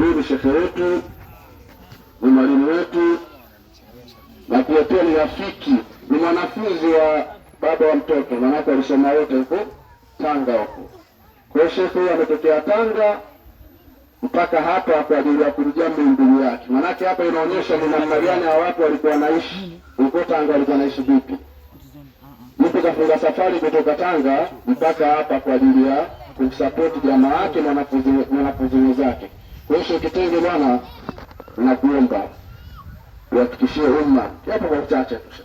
Huyu ni shekhe wetu, ni mwalimu wetu, na pia pia ni rafiki, ni mwanafunzi wa baba wa mtoto, maanake alisoma yote huko Tanga huko. Kwa hiyo shekhe huyu ametokea Tanga mpaka hapa kwa ajili ya kumjambo mbinguni yake. Maanake hapa inaonyesha ni namna gani hawa watu walikuwa naishi huko Tanga, walikuwa naishi vipi. Mtu kafunga safari kutoka Tanga mpaka hapa kwa ajili ya kumsapoti jamaa yake na wanafunzi wenzake. Kwa hiyo kitenge bwana, nakuomba uhakikishie umma japo kwa uchache tu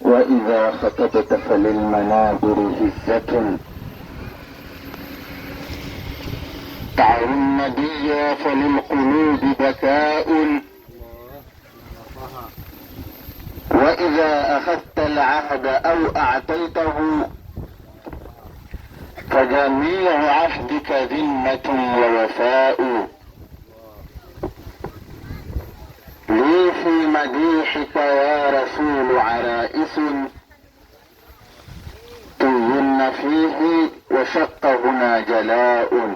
وإذا خطبت فللمنابر هزة دعوا النبي فللقلوب بكاء فإذا أخذت العهد أو أعطيته فجميع عهدك ذمة ووفاء لي في مديحك يا رسول عرائس طين فيه وشق هنا جلاء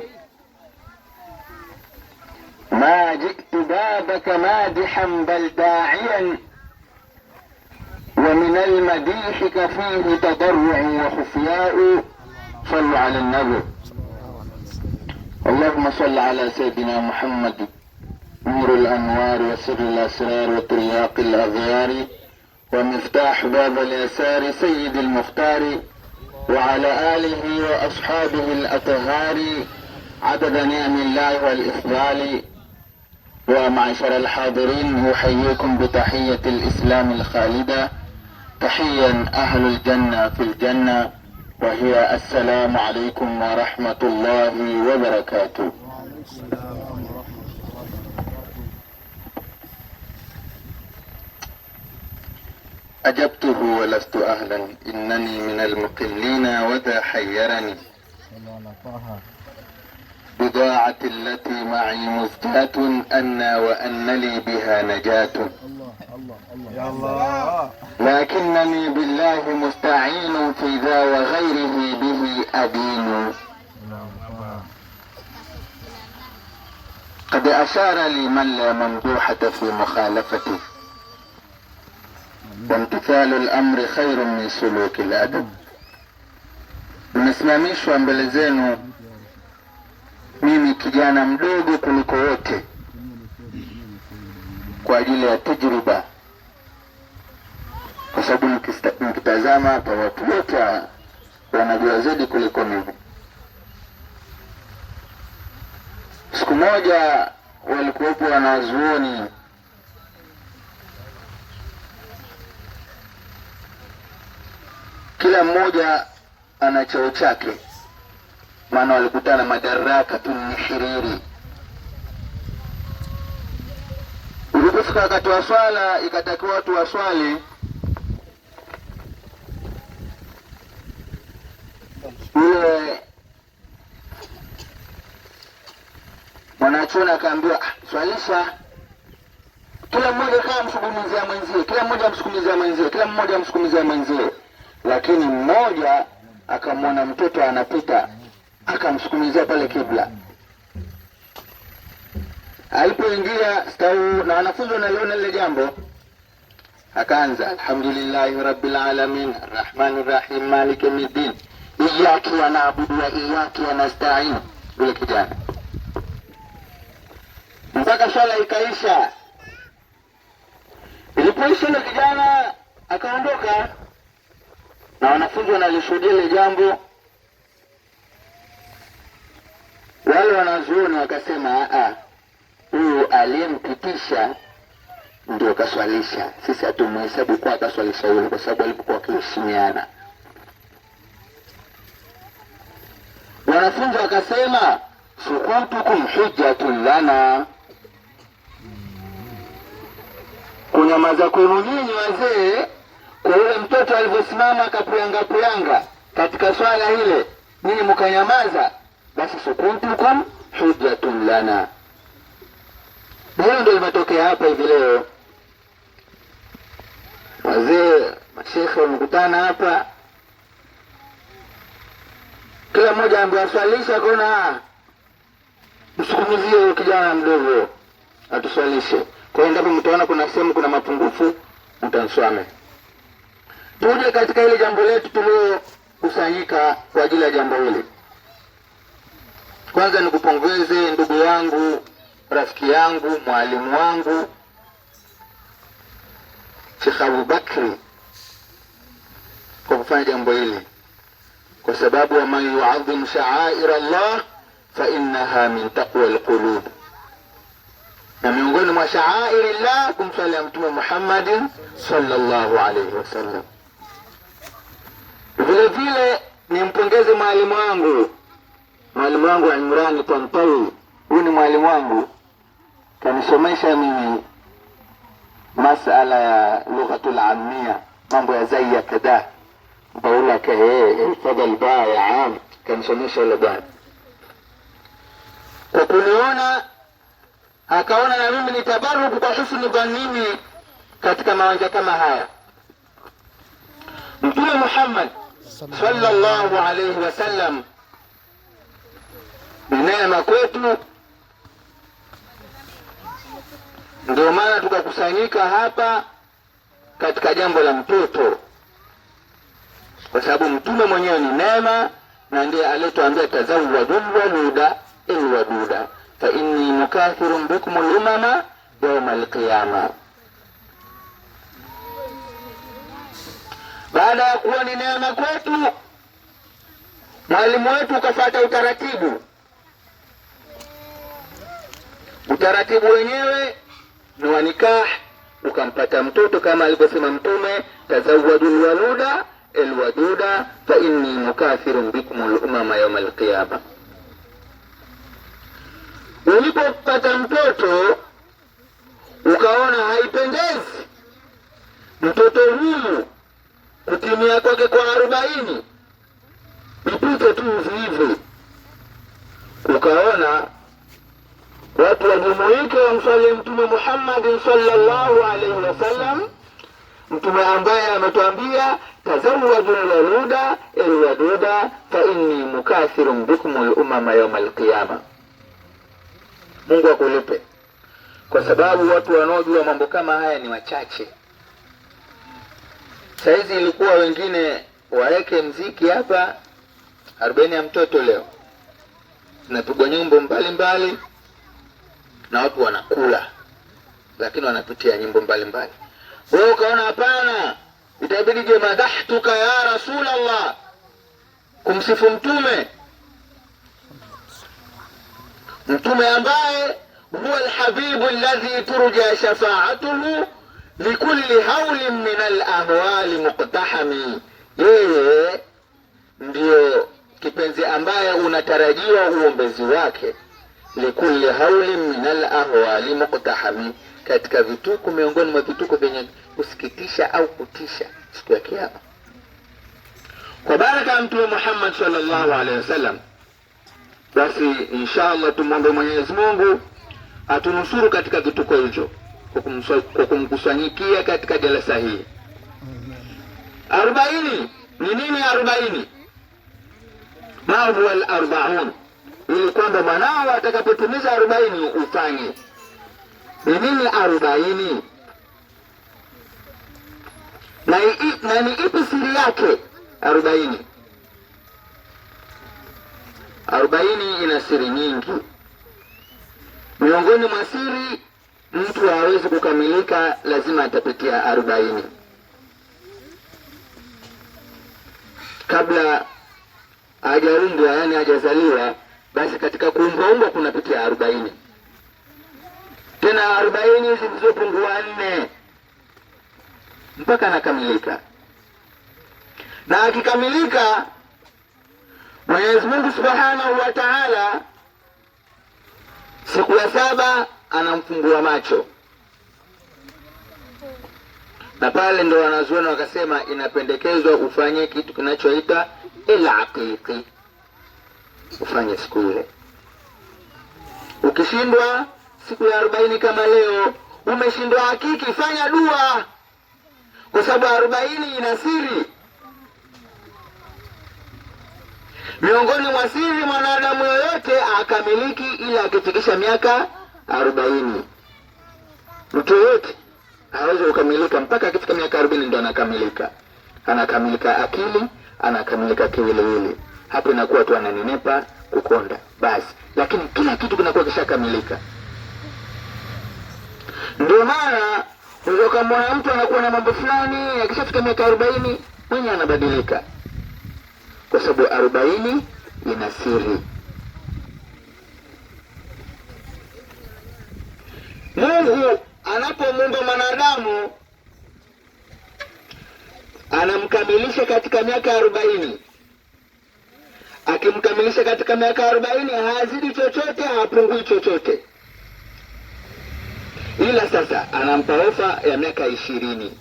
ما جئت بابك مادحا بل داعيا ومن المديح كفيه تضرع وخفياء صلوا على النبي اللهم صل على سيدنا محمد نور الأنوار وسر الأسرار وترياق الأغيار ومفتاح باب اليسار سيد المختار وعلى آله وأصحابه الأطهار عدد نعم الله والإفضال ومعشر الحاضرين أحييكم بتحية الإسلام الخالدة تحيا أهل الجنة في الجنة وهي السلام عليكم ورحمة الله وبركاته أجبته ولست أهلا إنني من المقلين وذا حيرني بضاعة التي معي مزجاة أنا وأن لي بها نجاة الله الله لكنني بالله مستعين في ذا وغيره به أدين قد أشار لي من لا ممدوحة في مخالفته وامتثال الأمر خير من سلوك الأدب mmesimamishwa mbele zenu mimi kijana mdogo kuliko wote kwa ajili ya tajriba, kwa sababu nikitazama hapa watu wote wanajua zaidi kuliko mimi. Siku moja walikuwepo wanazuoni kila mmoja ana cheo chake, maana walikutana madaraka tu ni shiriri katika wakati wa swala, ikatakiwa watu waswali ule mwanachuoni akaambiwa, ah, swalisha. Kila mmoja kaa msukumizia mwenzie, kila mmoja amsukumizia mwenzie, kila mmoja amsukumizia mwenzie. Lakini mmoja akamwona mtoto anapita, akamsukumizia pale kibla alipoingia stau na wanafunzi wanaliona lile jambo, akaanza alhamdulillahi rabbil alamin arrahmani rahim maliki yawmiddin iyaki wanaabudu wa iyaki wanastain. ule kijana mpaka swala ikaisha. Ilipoisha ule kijana akaondoka, na wanafunzi wanalishuhudia ile jambo. Wale wanazuoni wakasema a huyu aliyempitisha ndio kaswalisha. Sisi hatumhesabu kuwa kaswalisha yule, kwa sababu alipokuwa wakiheshimiana. Wanafunzi wakasema sukutukum hujjatun lana, kunyamaza kwenu nyinyi wazee kwa yule mtoto alivyosimama akapuyanga puyanga katika swala hile, nyinyi mkanyamaza, basi sukutukum hujjatun lana na hilo ndio limetokea hapa hivi leo. Wazee mashekhe wamekutana hapa, kila mmoja ambiwaswalisha kona, msukumizie huyo kijana mdogo atuswalishe. Kwa hiyo endapo mtaona kuna sehemu kuna mapungufu, mtanswame. Tuje katika ile jambo letu tuliokusanyika kwa ajili ya jambo hili. Kwanza nikupongeze ndugu yangu rafiki yangu, mwalimu wangu Sheikh Abubakri kwa kufanya jambo hili, kwa sababu waman yuadhim shaair Allah fa innaha min taqwa alqulub, na miongoni mwa shaair Allah kumswali Mtume Muhammad sallallahu alayhi wasallam. Vile vile nimpongeze mwalimu wangu mwalimu wangu Imrani Tantawi, huyu ni mwalimu wangu kanisomesha mimi masala ya lughatul ammia, mambo ya zai ya kadhaa, baula ka ifadhal baa ya am, kanisomesha ile bwana kwa kuniona akaona na mimi ni tabaruku kwa husni dhanini katika mawanja kama haya. Mtume Muhammad sallallahu alaihi wasallam ni neema kwetu. Ndio maana tukakusanyika hapa katika jambo la mtoto, kwa sababu mtume mwenyewe ni neema na ndiye aliyetuambia tazawwadul lwaluda ilwaduda fa inni mukathirun bikum lumama yauma alqiyama. Baada ya kuwa ni neema kwetu, mwalimu wetu ukafata utaratibu. Utaratibu wenyewe na wanikah, ukampata mtoto kama alivyosema Mtume, tazawadu waluda elwaduda fa inni mukathirun bikum umama yaumal qiyama. Ulipopata mtoto ukaona haipendezi mtoto huyu kutimia kwake kwa arobaini, ipite tu hivi, ukaona watu wajumuike wamswali Mtume Muhammadin salllahu alaihi wasallam, mtume ambaye ametwambia tazawaju lwaluda elwaduda fa inni mukathirun bikum lumama yauma alqiyama. Mungu akulipe, kwa sababu watu wanaojua mambo kama haya ni wachache. sahizi ilikuwa wengine waweke mziki hapa, arobaini ya mtoto leo napigwa nyumbo mbalimbali na watu wanakula, lakini wanapitia nyimbo mbalimbali. Wewe ukaona hapana, itabidi je madahtuka ya Rasulallah, kumsifu mtume mtume ambaye huwa alhabibu alladhi turja shafaatuhu likulli haulin min alahwali muqtahami, yeye ndiyo kipenzi ambaye unatarajiwa uombezi wake likulli haulin min alahwali muktahami, katika vituko miongoni mwa vituko vyenye kusikitisha au kutisha siku ya Kiyama. Kwa baraka ya Mtume Muhammad sallallahu alaihi wasallam, basi insha Allah tumwombe Mwenyezi Mungu atunusuru katika vituko hivyo kwa kumkusanyikia katika jalsa hii. Arobaini ni nini? Arobaini, ma huwa al-arbaun ili kwamba mwanao atakapotimiza arobaini ufanye. Ni nini arobaini na, na ni ipi siri yake arobaini? Arobaini ina siri nyingi. Miongoni mwa siri, mtu hawezi kukamilika, lazima atapitia arobaini kabla hajaundwa, yaani hajazaliwa basi katika kuumbwaumba kunapitia arobaini tena arobaini zilizopungua nne mpaka anakamilika. Na akikamilika, Mwenyezi Mungu Subhanahu wa Ta'ala siku ya saba anamfungua macho, na pale ndo wanazuoni wakasema inapendekezwa ufanye kitu kinachoita ilaqiqi ufanye siku ile. Ukishindwa siku ya arobaini kama leo umeshindwa hakiki, fanya dua, kwa sababu arobaini ina siri. Miongoni mwa siri mwanadamu yoyote akamiliki ila akifikisha miaka arobaini. Mtu yoyote hawezi kukamilika mpaka akifika miaka arobaini ndo anakamilika. Anakamilika akili, anakamilika kiwiliwili hapo inakuwa tu ananenepa, kukonda basi, lakini kila kitu kinakuwa kishakamilika. Ndio maana unaweza kumwona mtu anakuwa na mambo fulani, akishafika miaka arobaini mwenye anabadilika, kwa sababu arobaini ina siri. Mungu anapomuumba mwanadamu anamkamilisha katika miaka arobaini akimkamilisha katika miaka arobaini hazidi chochote, hapungui chochote, ila sasa anampa ofa ya miaka ishirini.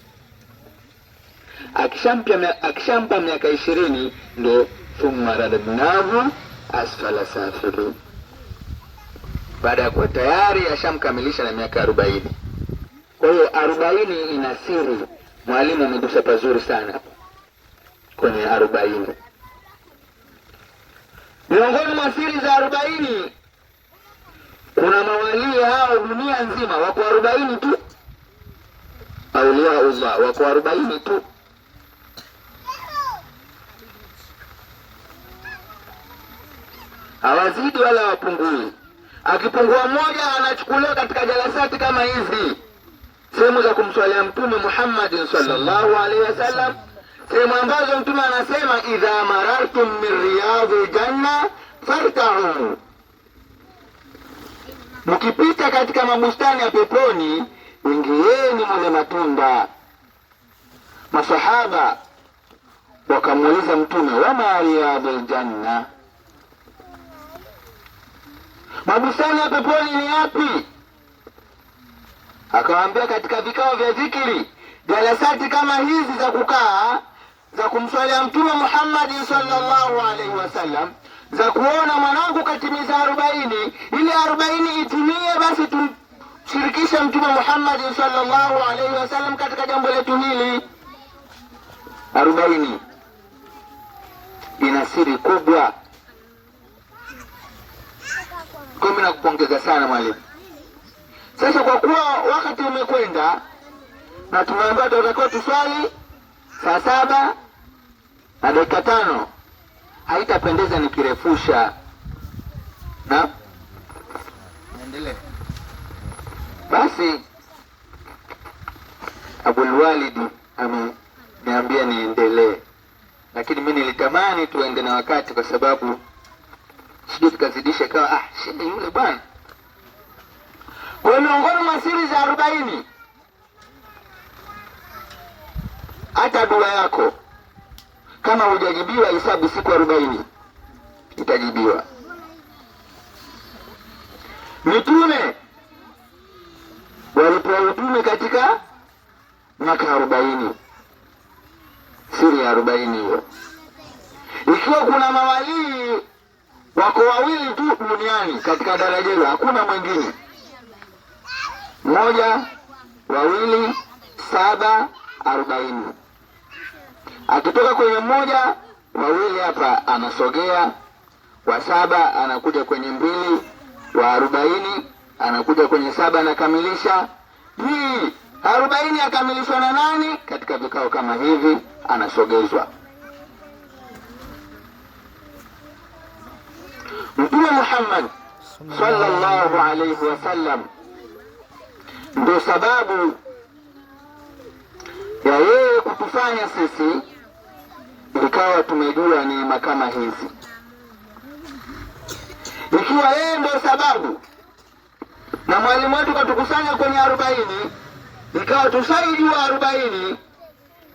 Akishampa miaka ishirini ndo thumma radadnahu asfala safilu, baada ya kuwa tayari ashamkamilisha na miaka arobaini. Kwa hiyo arobaini ina siri. Mwalimu amegusa pazuri sana kwenye arobaini. Miongoni mwa siri za arobaini kuna mawalii hao dunia nzima wako arobaini tu, auliaullah wako arobaini tu. hawazidi wala wapungui Akipungua mmoja anachukuliwa katika jalasati kama hizi, sehemu za kumswalia Mtume Muhammadin sallallahu alaihi wasallam sehemu ambazo Mtume anasema idha marartum min riyadhi ljanna fartau, mkipita katika mabustani ya peponi wingieni mule matunda. Masahaba wakamuuliza Mtume, wama riyadhi ljanna, mabustani ya peponi ni yapi? Akawaambia katika vikao vya dhikiri, jalasati kama hizi za kukaa za kumswalia Mtume Muhammadin sallallahu alaihi wasallam za kuona mwanangu katimiza arobaini, ili arobaini itumie basi tumshirikishe Mtume muhammadi sallallahu alaihi wasallam katika jambo letu hili. Arobaini ina siri kubwa. Mimi nakupongeza sana mwalimu. Sasa kwa kuwa wakati umekwenda na tumeambiwa tunatakiwa tuswali saa saba na dakika tano haitapendeza nikirefusha na Basi Abulwalid ameniambia niendelee, lakini mi nilitamani tuende na wakati, kwa sababu sijui tukazidisha ikawa ah, shida yule bwana. Kwa miongoni mwa siri za arobaini, hata dua yako kama hujajibiwa hesabu siku arobaini itajibiwa. Mitume walipewa utume katika miaka arobaini, siri ya arobaini hiyo. Ikiwa kuna mawalii wako wawili tu duniani katika daraja hilo, hakuna mwingine. Moja, wawili, saba, arobaini. Akitoka kwenye mmoja, wawili hapa anasogea, wa saba anakuja kwenye mbili, wa arobaini anakuja kwenye saba, anakamilisha hii arobaini. Akamilishwa na nani? Katika vikao kama hivi anasogezwa. Mtume Muhammad sallallahu alaihi wasallam ndio sababu ya yeye kutufanya sisi ikawa tumejua neema kama hizi, ikiwa yeye ndio sababu na mwalimu wetu katukusanya kwenye arobaini, ikawa tushaijua arobaini,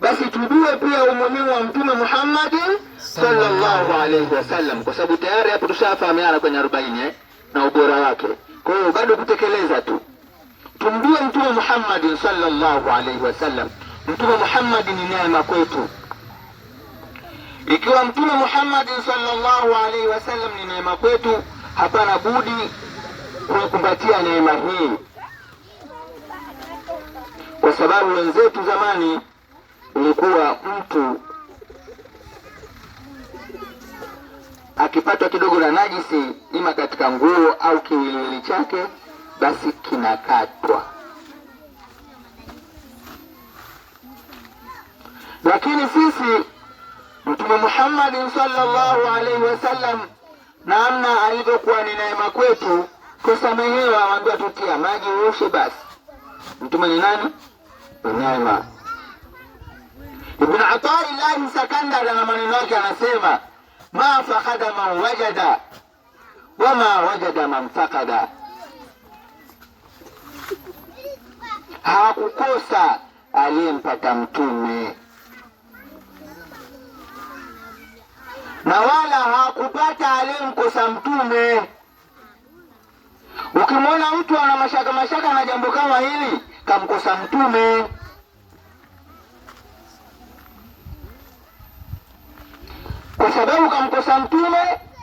basi tujue pia umuhimu wa Mtume Muhammad sallallahu alaihi wasallam, kwa sababu tayari hapo tushafahamiana kwenye arobaini eh, na ubora wake. Kwa hiyo bado kutekeleza tu, tumjue Mtume Muhammad sallallahu alaihi wasallam. Mtume Muhammad ni neema kwetu. Ikiwa Mtume Muhammad sallallahu alaihi wasallam ni neema kwetu, hapana budi kuikumbatia neema hii, kwa sababu wenzetu zamani ulikuwa mtu akipatwa kidogo na najisi, ima katika nguo au kiwiliwili chake, basi kinakatwa. Lakini sisi Mtume Muhammadin sallallahu alaihi wasallam, namna alivyokuwa ni neema kwetu kusamehewa, waambia tutia maji uoshe basi. Mtume ni nani? Neema. Ibn Ataillahi Sakandari na maneno yake anasema, ma fakada man wajada wa ma wajada man fakada, hakukosa aliyempata mtume na wala hakupata aliyemkosa mtume. Ukimwona mtu ana mashaka mashaka na jambo kama hili, kamkosa mtume. Kwa sababu kamkosa mtume,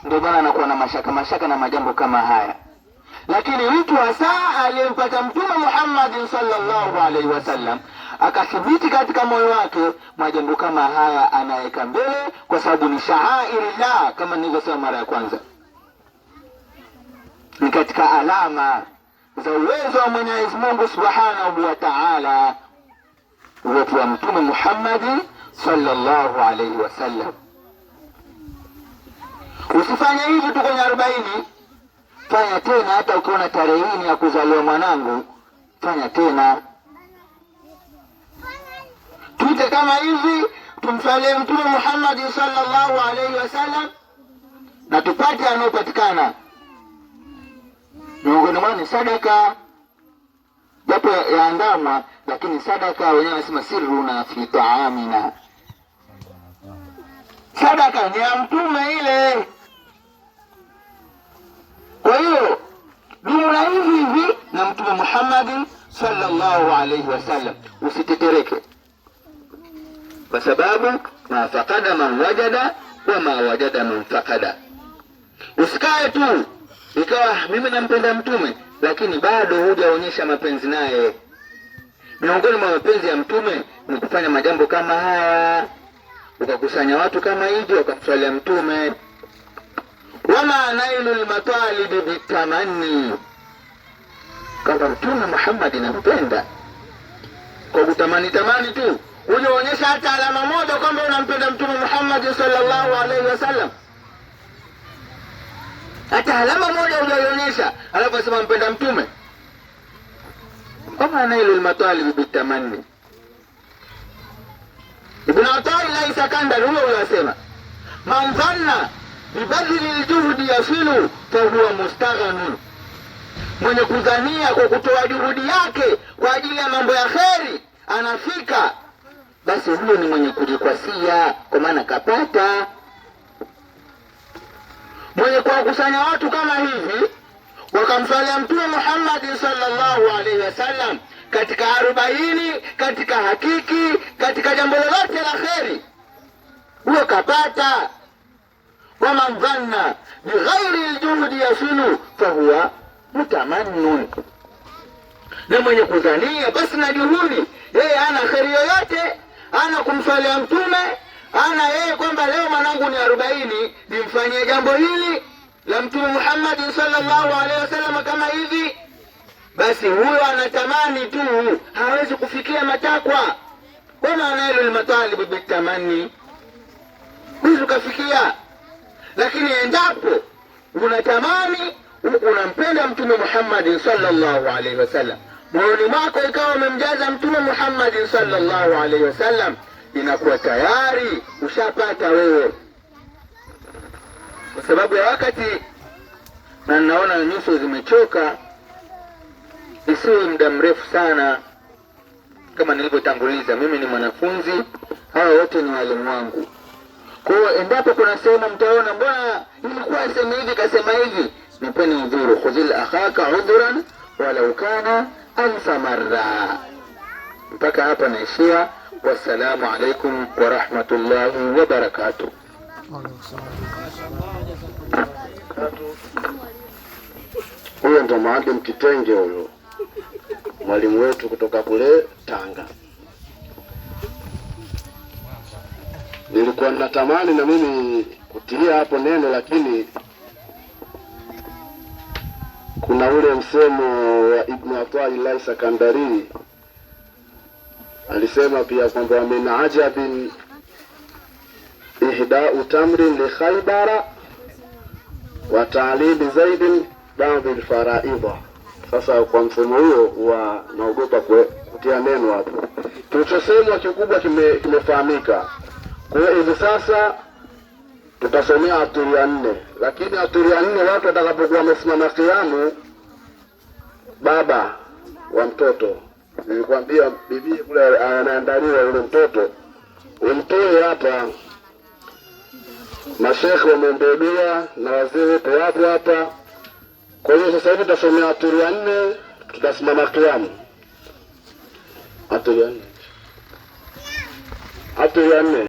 ndio maana anakuwa na mashaka mashaka na majambo kama haya. Lakini mtu hasa aliyempata mtume Muhammadin sallallahu alaihi wasallam akathibiti katika moyo wake majambo kama haya anaweka mbele, kwa sababu ni shaairillah, kama nilivyosema mara ya kwanza, ni katika alama za uwezo wa Mwenyezi Mungu Subhanahu wa Ta'ala, uwetu wa Mtume Muhammadi sallallahu alaihi wasallam. Usifanye hivi tu kwenye arobaini, fanya tena. Hata ukiona tarehe ya kuzaliwa mwanangu, fanya tena tuite kama hivi, tumfalie Mtume Muhammad sallallahu alaihi wasallam na tupate anayopatikana miongoni mwao ni sadaka, japo ya ndama, lakini sadaka wenyewe wanasema siruna fi taamina, sadaka ni ya mtume ile. Kwa hiyo jumla hivi hivi na Mtume Muhammad sallallahu alaihi wasallam, usitetereke kwa sababu ma manwajada man wajada wa ma wajada man Usikae tu ikawa mimi nampenda mtume lakini bado hujaonyesha mapenzi naye. Miongoni mwa mapenzi ya mtume ni kufanya majambo kama haya, ukakusanya watu kama hivi wakamswalia mtume. Wama nailu lmatalibi bitamani, kama mtume Muhammadi nampenda kwa kutamani tamani tu ulionyesha hata alama moja kwamba unampenda Mtume Muhammad sallallahu alaihi wasallam, hata alama moja hujaionyesha, alafu asema mpenda Mtume. Kama nailu lmatalibi bitamani Ibn Ataillahi Sakandari huyo huyo asema man dhanna bibadhili ljuhudi yasilu fahuwa mustaghanun, mwenye kudhania kwa kutoa juhudi yake kwa ajili ya mambo ya kheri anafika basi huyo ni mwenye kujikwasia, kwa maana kapata. Mwenye kuwakusanya watu kama hivi wakamswalia Mtume muhammadi sallallahu alaihi wasallam katika arobaini, katika hakiki, katika jambo lolote la kheri, huyo kapata. Waman dhanna bighairi ljuhudi yasunu fahuwa mutamannun, na mwenye kudhania basi na juhudi yeye ana kheri yoyote ana kumsalia Mtume ana yeye kwamba leo mwanangu ni arobaini, nimfanyie jambo hili la Mtume muhammadin salllahu alehi wasalama kama hivi, basi huyo anatamani tu, hawezi kufikia matakwa. Wamanailu bitamani, huwezi ukafikia. Lakini endapo unatamani unampenda Mtume muhammadin salllahu alaihi wasallam moyoni mwako ikawa umemjaza Mtume Muhammadi sallallahu alaihi wasallam, inakuwa tayari ushapata wewe, kwa sababu ya wakati na ninaona nyuso zimechoka. Isiwe muda mrefu sana. Kama nilivyotanguliza, mimi ni mwanafunzi, hawa wote ni walimu wangu. Kwa hiyo endapo kuna sehemu mtaona mbona ilikuwa sema hivi kasema hivi, nipeni udhuru, khudhil akhaka udhuran walau kana alfa marra. Mpaka hapa naishia. Wassalamu alaikum warahmatullahi wabarakatuh. Huyo ndo Maalim Kitenge, huyo mwalimu wetu kutoka kule Tanga. Nilikuwa natamani na mimi kutilia hapo neno lakini kuna ule msemo wa Ibn Ataillah Sakandari alisema pia kwamba min ajabin ihdau tamrin li Khaybara wa ta'lili zaidin ba'd alfaraidha. Sasa kwa msemo huo wa naogopa kutia neno hapo, kilichosemwa kikubwa kimefahamika. Kwa hiyo hivi sasa tutasomea aturi ya nne, lakini aturi ya nne watu watakapokuwa wamesimama kiamu, baba wa mtoto nilikwambia, bibi kule anaandaliwa yule mtoto, umtoe hapa. Mashekhe wameombea dua na wazee wetu wapo hapa. Kwa hiyo sasa hivi tutasomea aturi ya nne, tutasimama kiamu. Aturi ya nne, aturi ya nne.